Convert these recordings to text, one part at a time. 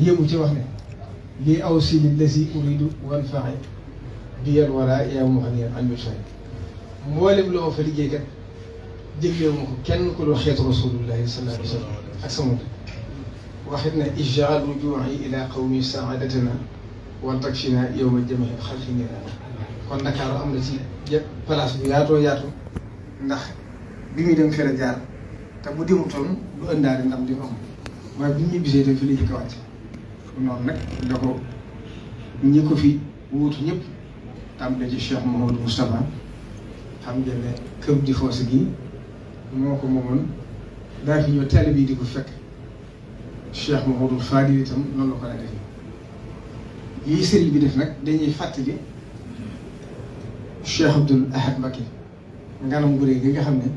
yëmu ci wax ne lii aw si li lesi uridu wan faxe bi yan wara yow ma xam ne am mission mboolem loo fa liggéey kat jëgleewu ma ko kenn ku dul xeetu rasulullahi sallallahu alayhi wa sallam ak sama waxit na ijaal rujuuxi ila qawmi saadatana wa takshina yowma jamahi xalfi nirana kon Dakar am na ci place bu yaatoo yaatu ndax bi muy dem fere jaar te bu demutoon du ëndaale ndam di ko am waaye bi ñu gisee te fi la jëkk wàcc noonu nag da ko ñi ko fi wuutu ñëpp tam da ci Cheikh Mouhamadou Moustapha xam ngeen ne këb di foos gi moo ko moomoon daa fi ñëw teel bii di ko fekk Cheikh Mouhamadou Fadil itam noonu ko la defee lii sëriñ bi def nag dañuy fàttali Cheikh Abdoul Ahad Mbacké nganam gure gi nga xam ne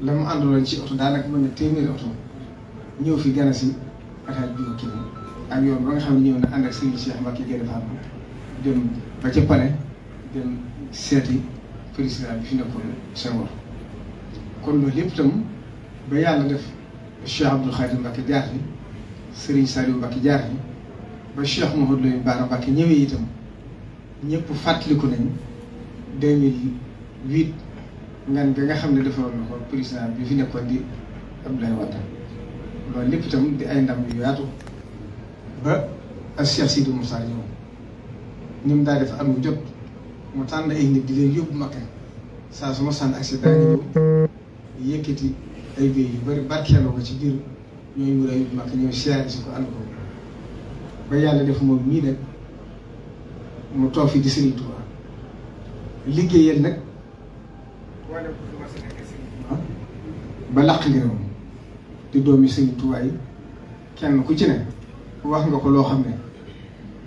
la mu àndaloon ci oto daanaka mën na téeméeri oto ñëw fi gana si ataaj bi kii ak yoon ba nga xam ne ñëw na ànd ak sëñ Cheikh Mbacke Gueye Fall dem ba ca pare dem seeti président bi fi nekkoon Senghor kon loolu lépp itam ba yàlla def Cheikh Abdoul Khadim Mbacke jaar fi Serigne Saliou Mbacke jaar fi ba Cheikh Mouhamadou Lamine Bara Mbacke ñëwee itam ñëpp fàttaliku nañu 2008 ngan ga nga xam ne defaroon na ko président bi fi nekkoon di Abdoulaye Wade loolu lépp itam di ay ndam yu ba ak Cheikh Sidou Moussa ñëw ni mu daa def am jot mu tànn ay nit di leen yóbbu Makka saa su ma sànn accident yi yëkkati ay béy yu bari barkeeloo ko ci biir ñooñu mu daa yóbbu Makka ñëw siyaare si ko ànd ko ba yàlla def moom mii nag mu toog fi di Serigne Touba liggéeyal nag ba làq ngir moom di doomi Serigne Touba kenn ku ci wax nga ko loo xam ne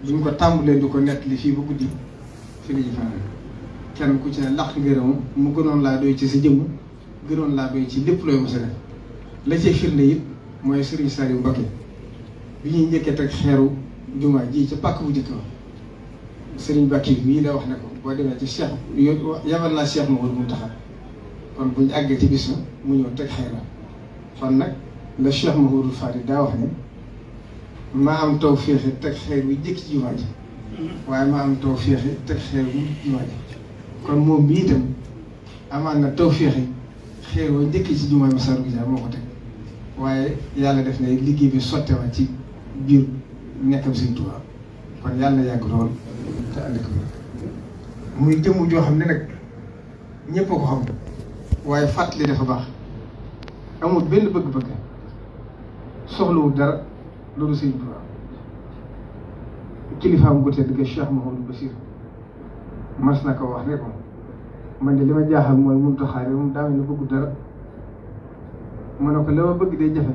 buñ ko tàmbalee du ko nekk li fii ba guddi fi la ñu fanaan kenn ku ci ne laq ngërëm mu gënoon laa doy ci si jëmm gënoon laa doy ci lépp looy mos a la cee firnde it mooy Serigne Saliou bi ñuy njëkkee teg ji ca pàkk bu njëkk ba Serigne Mbacké mii la wax ne ko boo demee ci Cheikh yabal naa Cheikh Mawal mu taxaw kon buñ àggee ci bis mu ñëw teg xeer la kon nag la Cheikh Mawal Fadi daa wax ne. maa am taw féexe teg xeer bi jëkk ci jumaa ji waaye maa am taw teg xeer bi jumaa ji kon moom bi itam amaan na taw xeer wa njëkk ci jumaa Massalikul Jinaan moo ko teg waaye yàlla def na liggéey bi sotte waa ci biir nekkam Sëriñ Tuubaa kon yàlla yàgg lool muy jëmm joo xam ne rek ñëpp ko xam waaye fàttali dafa baax amul benn bëgg-bëgg soxlawul dara loolu sëñ Tuubaa kilifaam gu tedd ga Cheikh Mouhamadou Bassir mas na ko wax ne ko man de li ma jaaxal mooy mun taxaare moom daa mel ne bëggu dara ma ne ko la bëgg day jafe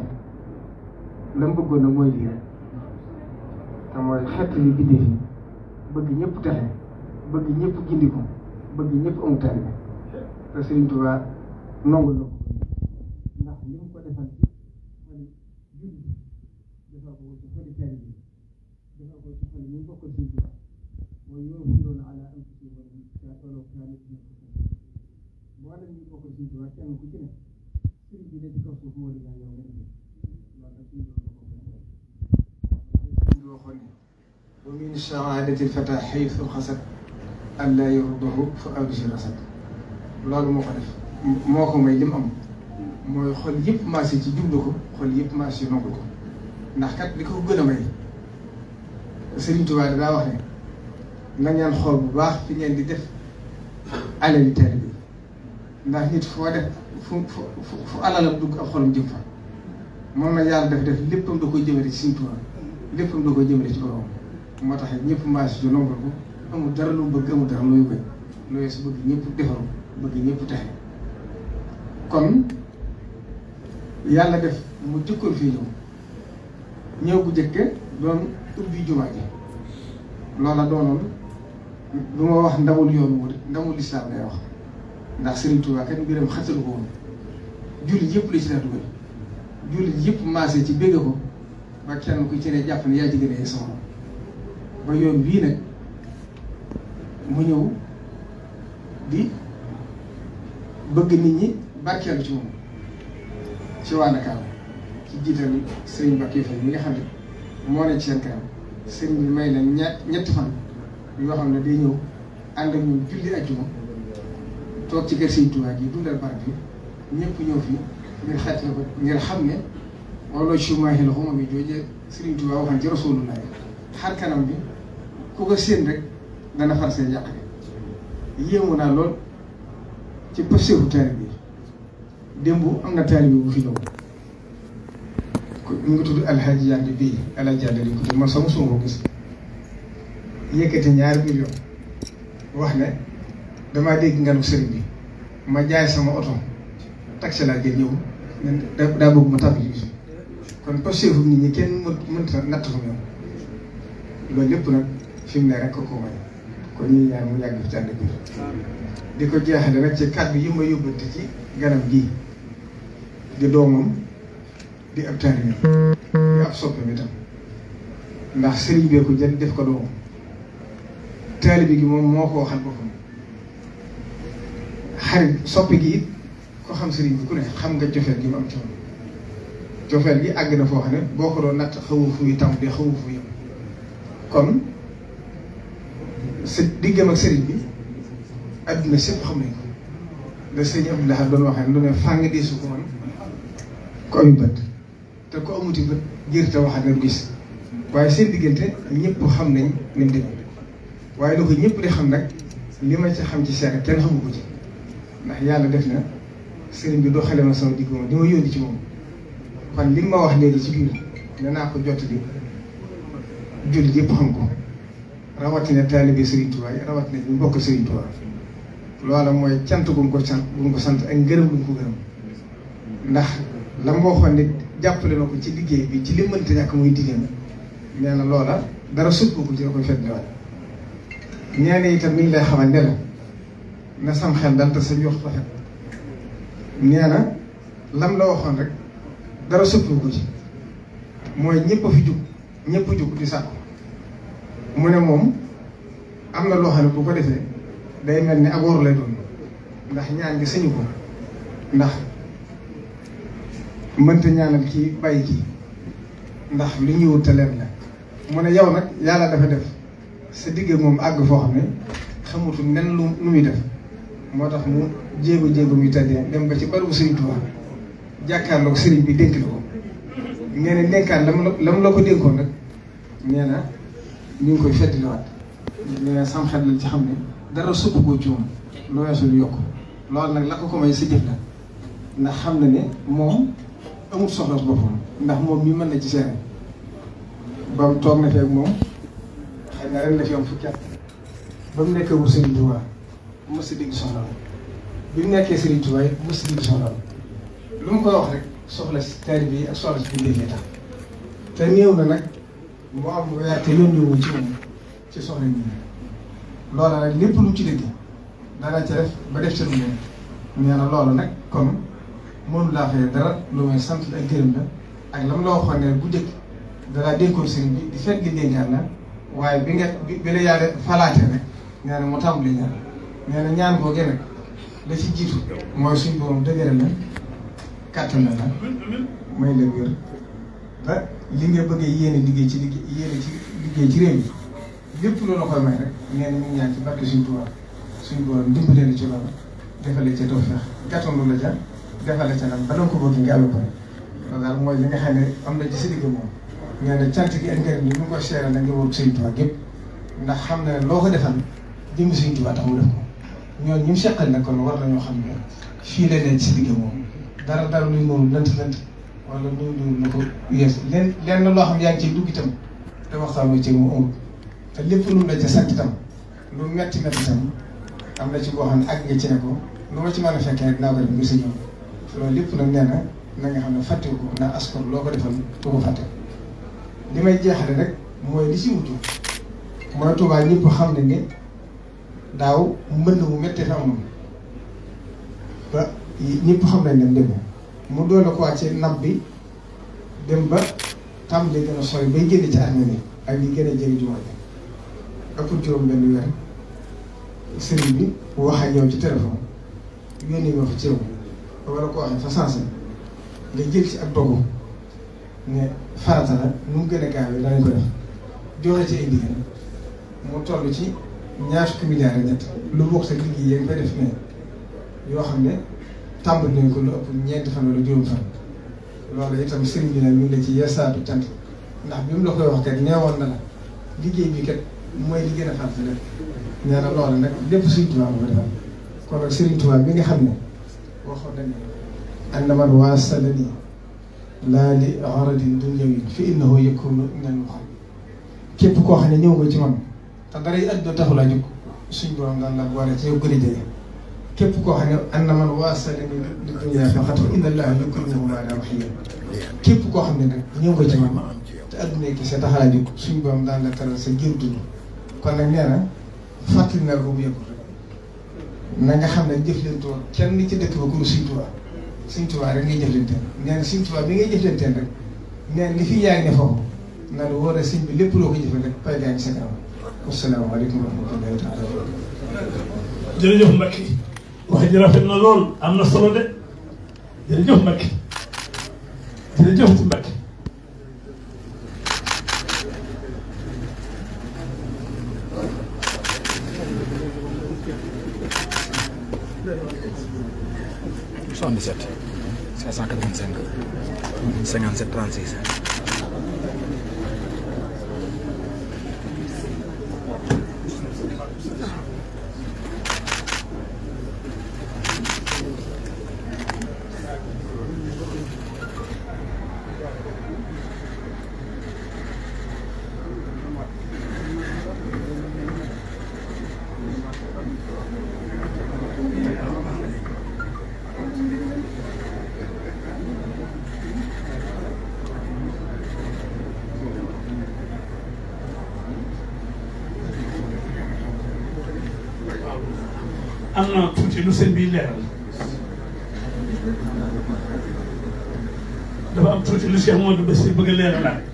la ma bëggoon nag mooy lii rek te mooy xett li bëgg ñëpp texe bëgg ñëpp gindiku bëgg ñëpp am taalibe te Sëriñ Tuubaa nongu na ko ويؤثرون على أنفسهم ولو كانوا mboolem ñu bokk ci waa kenn ku ci ne sëriñ bi ne ci kaw suuf moo di ñaan yow nga indi loolu suñu doon waxoon ne wa min saadati lfata xaytu xasat an laa yurdahu fa abshir rasad loolu moo ko def moo ko may li mu am mooy xol yëpp marché ci jublu ko xol yëpp marché nongu ko ndax kat li ko gën a may Sëriñ Tuubaa daa wax ne na ngeen xool bu baax fi ngeen di def alali taalibe bi ndax nit foo def fu fu fu alalam dugg ak jëm fa moom na yàlla def def léppam da koy jëmale ci Sëñ Tuubaa léppam da koy jëmale ci borom moo tax ñëpp maas ju nombal ko amul dara lu bëgg amul dara luy bëgg lu weesu bëgg ñëpp defaru bëgg ñëpp taxe kon yàlla def mu jëkkoon fii ñëw ñëw bu jëkke doon ubbi jumaa ji loola doonoon lu wax ndawul yoon wu ndawul lislaam lay wax ndax Serigne Touba kenn biram xattalu ko woon yëpp la ci daa dugal jullit yëpp ci bégg ko ba kenn ku ci ne jàpp ne yaa ci gën a yeesoon ba yoon bii nag mu ñëw di bëgg nit ñi barkeelu ci moom ci waa Ndakaaru ci jiital Serigne Mbacké Faye mi nga xam ne moo ne ci seen kanam Serigne may leen ñetti fan. yoo xam ne day ñëw ànd ak ñoom julli ajjuma toog ci kër Sëñ Tuubaa ji dundal barab bi ñëpp ñëw fi ngir xaj ngir xam ne wala chumaahi la xuma bi jooje Sëriñ Tuubaa waxoon ci Rasulullah xar kanam bi ko séen rek dana far seen yàq bi yéemu naa lool ci pëseefu taalib bi démb am na taalib bi bu fi ñëw ñu ngi tudd alxaaji yàlla bii alxaaji yàlla di man sama suma ko gis yëkkati ñaari million wax ne damaa dégg nganu sëriñ bi ma jaay sama oto ñëw daa bëgg ma tàbbi ci kon posture fu nit ñi kenn loolu lépp nag fi mu ne rek ko ko may bi yi ma yóbbante ci ganam gii tam ndax sëriñ bee ko jël def ko doom taalibe gi moom moo ko waxal boppam xarit soppi gi ko xam sëriñ bi ku ne xam nga cofeel gi mu am ci moom gi àgg na foo xam ne boo ko doon natt xawu fu muy tàmbalee xawu fu yem kon sa diggam ak sëriñ bi adduna sépp xam nañ ko da sëriñ Abdou Lahad doon waxee lu ne fàng diisu ko man ko diggante ñëpp xam nañ ni mu waaye lu ko ñëpp di xam nag li ma ci xam ci seere kenn xamu ko ci ndax yàlla def na sëriñ bi doxale ma sama digg di ma yónni ci moom kon li ma wax léegi ci biir naa ko jot di jullit yëpp xam ko rawatina taalibe sëriñ Tuubaa yi rawatina ñu bokk sëriñ Tuubaa loola mooy cant bu ko sant bu ko sant ak ngërëm bu ko gërëm ndax la ma waxoon ne jàppale na ko ci liggéey bi ci li mënta ñàkk muy ma nee na loola dara sut kooku ci la koy ñeene itam mi lay xamal ne la na sam xel dal te sañ wax waxet nee na lam la waxoon rek dara sëppu ko ci mooy ñëpp a fi jug ñëpp jug di sàkku mu ne moom am na loo xam ne bu ko defee day mel ni abooru lay doon ndax ñaan gi sañu ko ndax mënta ñaanal ci bàyyi ci ndax li ñuy wut te leen la mu ne yow nag yàlla dafa def sa digg moom àgg foo xam ne xamutu nen lu muy def moo tax mu jéego jéego muy tàddee dem ba ci barabu Sëriñ Tuubaa jàkkaarloog sëriñ bi dénk la ko nee na dénkaan la mu la ko dénkoon nag nee na ñu ngi koy feddliwaat nee na sam xel ci xam ne dara supp koo ci moom lu weesu lu yokk loolu nag la ko ko may sa jëf la ndax xam na ne moom amul soxla boppam ndax moom mi mën na ci seen ba mu toog na fee moom xëy na ren la fi am fukki at ba mu nekkee wu Serigne Touba mos a dégg soxla bi mu nekkee Serigne Touba it mos a dégg soxla lu mu koy wax rek soxla si taalibe yi ak soxla si bindee tax nag mu am weer te ñoom ci moom ci soxla nit ñi loola nag lépp lu ci dégg danaa ci def ba def ci lu ngeen nee na loola nag kon mënu laa fay dara lu may sant la ak gërëm la ak lam la waxoon ne bu njëkk danaa dénkoon sëriñ bi di fekk di dénkaan na waaye bi nga bi la yàlla falaate nag nee na mu tàmbali ñaan nee na ñaan koo gën la ci jiitu mooy suñ borom dëgëral la kàttan la la may la wér ba li nga bëggee yéene liggéey ci liggéey yéene ci liggéey ci réew mi lépp loolu la koy may rek nee na ñu ñaan ci barke suñ Tuubaa suñ borom dimbale la ci ba nga ko bëgg nga amee ko loolu xam ne am na ci sa digg nee na cant gi ak ngërëm bi ñu ko seeral da nga wóor Sëriñ Tuubaa gépp ndax xam na ne loo ko defal jëm Sëriñ Tuubaa tax mu def ko ñu seqal nag kon war nañoo xam ne fii la si liggéey moom dara dara luy moom lënt lënt wala ñu ñu na ko yees leen loo xam yaa ngi ciy dugg te waxtaan wi ci mu amul te lépp lu la ca sant itam lu metti metti itam boo xam ne ak nga ci ne ko lu ma ci mën a fekkee rek naa ko def ngir loolu lépp na na nga xam ne fàtte ko ndax askor loo ko defal ko li may jeexale rek mooy li si wutu mooy Touba ñëpp xam ne daaw mbënd mu méttee fa amoon ba ñëpp xam nañ ne dem mu doole ko wàccee nab bi dem ba tam li gën a sori bay génn ci armée ay ak li gën a jege jumaa ji ëpp juróom benn weer sëriñ bi wax ak yow ci téléphone yónnee ma fa ceew wala ko waxee fa sensé nga jël ci ak dogu ne farata la nu mu gën a gaawee danañ ko def joxe ci ay mu toll ci ñaar fukki milliards ak ñett lu bokk sa liggéey yéen koy def ne yoo xam ne tàmbali nañ ko lu ëpp ñeenti fan wala juróom fan loolu itam sëriñ bi nag ñu ngi la ci cant ndax bi mu la koy wax kat neewoon na la liggéey bi kat mooy li a farata lépp nee na loolu nag lépp Sëriñ Tuubaa ko defal kon nag Sëriñ Tuubaa bi nga xam ne waxoon nañ ne andaman waa salani laa li aradin dunyawi fa innahu yakunu min al-muqarrabin képp koo xam ne ñëw nga ci man te dara yi àdduna taxul a jóg suñ borom daan la boole ci yow gën a jege képp koo xam ne an na man waasale li dunya faqat inna allaha yukallimu man yashaa képp koo xam ne nag ñëw nga ci man te àdduna yi kese taxul a jóg suñ borom daan la teral sa jër dund kon nag na fàttali na ko bu yëgul na nga xam ne jëf leen tool kenn ci dëkk ba ku suñ Tuubaa Sëñ Tuubaa rek ngay jëflanteel nee na Sëñ Tuubaa bi ngay jëflanteel rek nee na li fi yaa ngi ne foofu na lu wóor a bi lépp loo ko jëfee rek pay gaa ngi sa kanam. asalaamaaleykum wa rahmatullahi taala wa barakaatu. jërëjëf Mbacke wax ji rafet na lool am na solo de jërëjëf Mbacke jërëjëf Mbacke. 57 36. am na tuuti lu sëñ bi leeral dafa am tuuti lu Cheikh Modou Bassir bëgg a leeralaat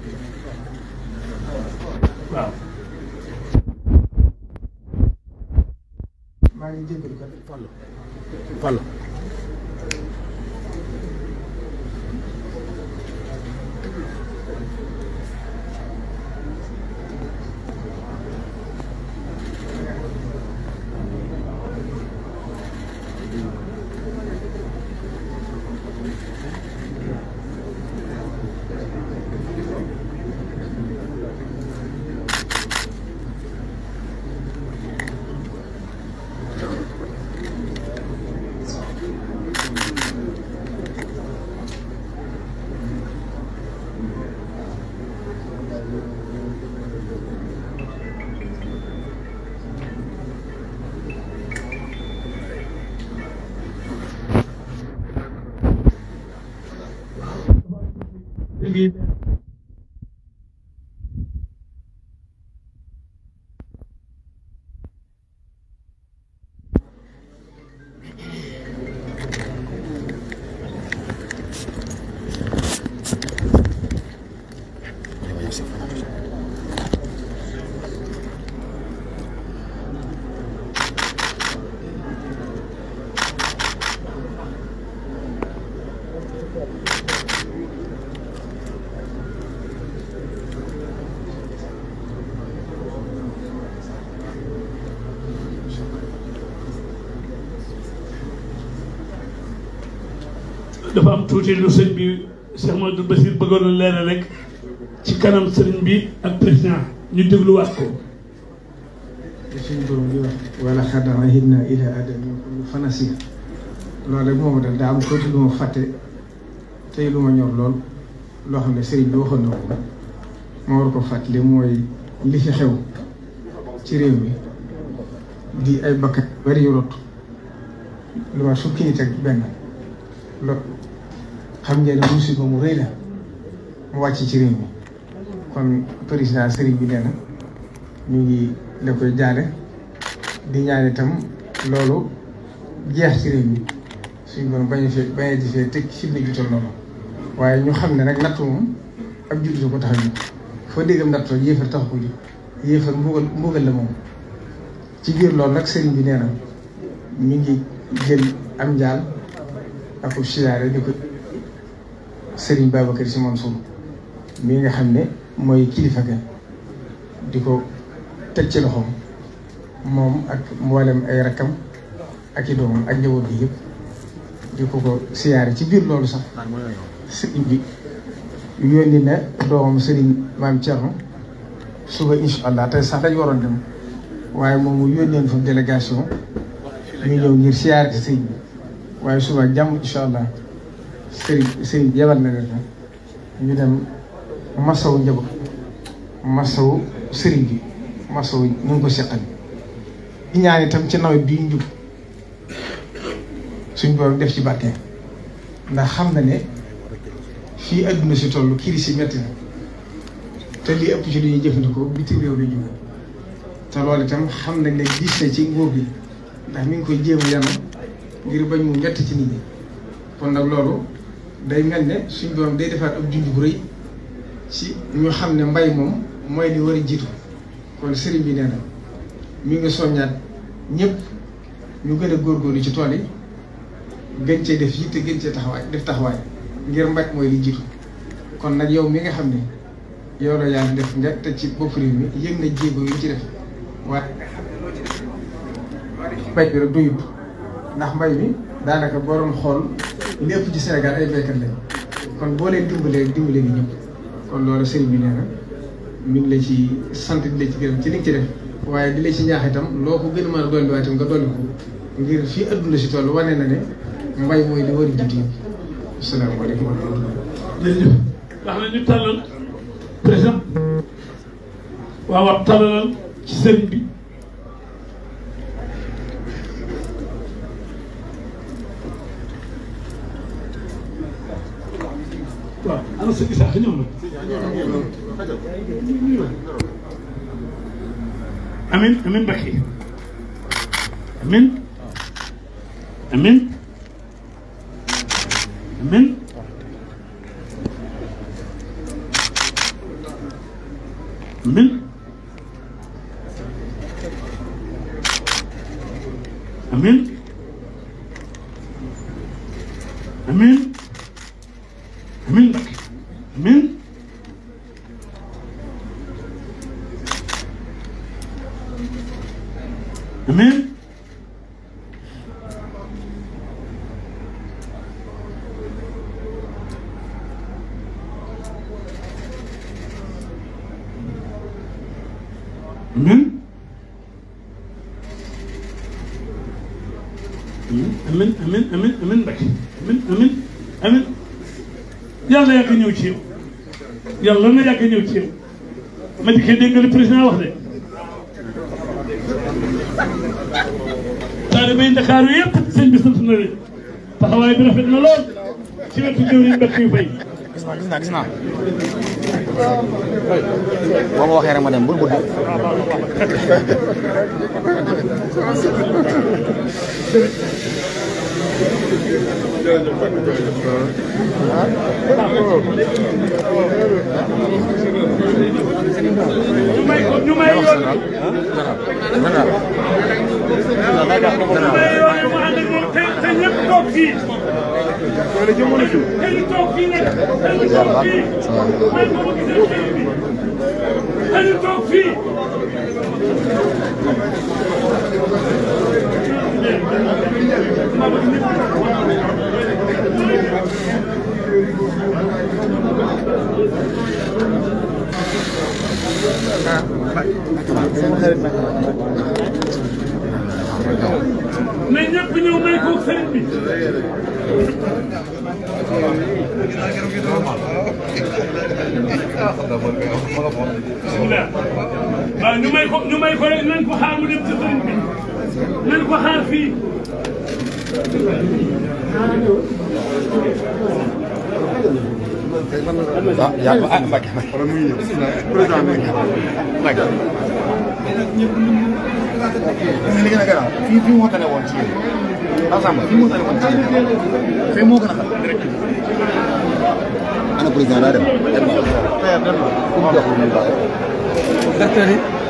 bi am tuuti lu sëñ bi sama Modou Bassir bëggoon na leeral rek ci kanam sëriñ bi ak président ñu dégluwaat ko suñu borom di wax wala xad ahidna ila adama fa nasiya loolu rek moom dal daa am tuuti lu ma fàtte tey lu ma ñor lool loo xam ne sëriñ bi waxoon na war ko fàttali mooy li ci xew ci réew mi di ay bakkat bari yu lu ma fukki nit ak benn lo xam ngeen ne musiba mu rëy la mu wàcc ci réew mi kon président Serigne bi nee ñu ngi la koy jaale di ñaan itam loolu jeex ci réew mi suñ ko bañ a fee bañ a jëfee teg fitna ju toll noonu waaye ñu xam ne nag natt moom ak jullit ko tax a foo déggam nattoo yéefar tax ko jóg yéefar mbugal mbugal la moom ci biir loolu nag sëriñ bi nee na ñu ngi jël am njaal ak siyaare ñu ko. Serigne Babacar Sy Mansour mi nga xam ne mooy kilifa ga di ko teg ci loxoom moom ak mboolem ay rakkam ak i doomam ak njaboot bi yëpp di ko ko siyaare ci biir loolu sax Serigne bi yónni na doomam Serigne maam Thierno suba incha allah tey sax dañ waroon dem waaye moom mu yónneen fa délégation ñu ñëw ngir siyaare ci sëñ bi waaye suba jàmm incha allah. sëriñ sëriñ bi na leen ñu dem masawu njaboot masawu sëriñ bi masawu ñu ngi ko seqal di itam ci nawet bii njub suñ borom def ci barke ndax xam na ne fii adduna si toll kii si metti na te lii ëpp ci lu ñuy jëfandikoo bitim réew bi jóge te loolu itam xam nañ ne gis na ci ngóor bi ndax mi ngi koy jéem a yanu ngir bañ mu ñett ci nit ñi kon nag loolu day mel ne suñ borom day defar ab junj bu rëy ci ñu xam ne mbay moom mooy li war a jiitu kon sëriñ bi nee mu ngi soññaat ñëpp ñu gën a góor góor góorgóorlu ci tool yi gën cee def yitte gën cee taxawaay def taxawaay ngir mbay mooy li jiitu kon nag yow mi nga xam ni yow la yàlla def nga te ci bopp réew mi yëg na jéego yu ci def waaye nga xam ne loo bi rek du ndax mbay mi daanaka borom xool lépp ci Sénégal ay béykat lañ kon boo leen dimbalee dimbale gi ñëpp kon loolu sëriñ bi nee na ñu ngi la ci sant di la ci gërëm ci li ci def waaye di la ci ñaax itam loo ko gën a mën a dolli waaye itam nga dolli ko ngir fii adduna si toll wane na ne mbay mooy li war a jiitu yëpp asalaamaaleykum wa rahmatulah. jërëjëf wax na ñu tàllal président waaw waaw ci sëriñ bi. sëñ Isaaxa ñëw na. amin amin Mbacke yàlla na yàgg ñëw ci yow ma dikkee dégg nga li président wax de taalibay Ndakaaru yëpp sëñ bi sant na leen taxawaay bi rafet na lool ci wetu jëwriñ mbokk yu fay gis naa gis naa gis naa boo ma waxee rek ma dem bul gudd ñu may yoon ñu may yoon mu ànd ak moom te te ñëpp toog fii te ñu toog fii nag te ñu toog fii may ko gisee xew bi te ñu toog fii na ñëpp ñëw may ko sëriñ bi. waaw ñu may ko ñu may ko rek nañ ko xaar mu dem ci sëriñ bi. nañ ko xaar fii. ah yaa ngi ko ah Mbacke Mbacke. li gën a garaaw fii fii moo tane woon ci yéen. asamba fii moo tane woon ci yéen. fii moo gën a xam direct. ana président daa dem. dem na.